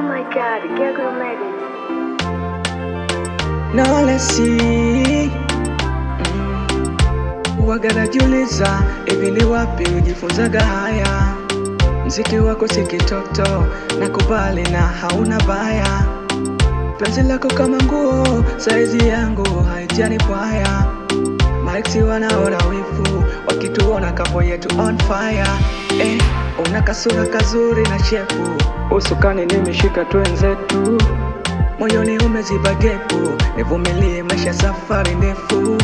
Oh my god, Gego made mm. it. Now let's see. Waga najiuliza hivi ni wapi ujifunzaga haya? Mziki wako sikitoto na kubali na hauna baya. Penzi lako kama nguo, saizi yangu haijani pwaya Likes wanaona wivu wakituona kapo yetu on fire eh, una kasura kazuri na chefu usukani nimeshika twenzetu moyoni umeziba gepu, nivumilie maisha safari ndefu,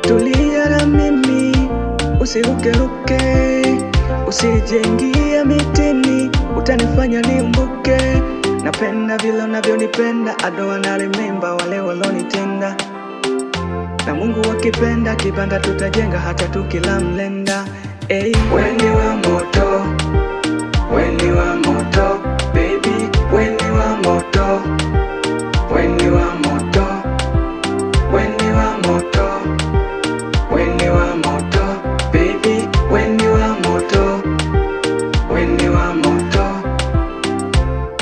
tulia na mimi, usirukeruke, usijengia mitini, utanifanya niumbuke. Napenda vile unavyonipenda, adoa na wanna remember wale walonitenda na Mungu wakipenda, kibanda tutajenga hata tukila mlenda. Hey, weni wa moto, weni wa moto baby, weni wa moto, weni wa moto, weni wa moto, weni wa moto baby, weni wa moto, weni wa moto.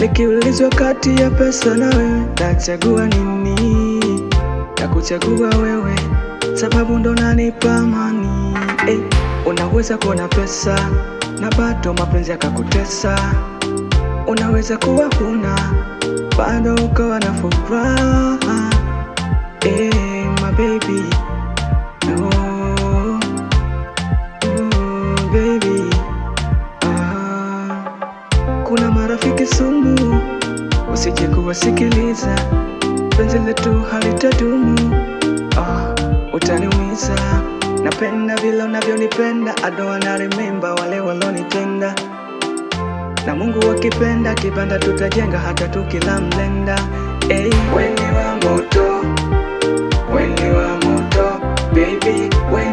Nikiulizwa kati ya pesa na nawe, nachagua nini? kuchagua wewe, sababu ndo nanipa amani eh. Unaweza kuwa na pesa na bado mapenzi yakakutesa, unaweza kuwa huna bado ukawa na furaha eh, my baby oh, mm, ah. Kuna marafiki sumu, usije kuwasikiliza penzi letu halitadumu, oh, utaniumiza. Napenda vile unavyonipenda, I don't wanna remember wale walonitenda na Mungu wakipenda kibanda tutajenga hata tukila mlenda. Hey, wa moto, weni wa moto baby, weni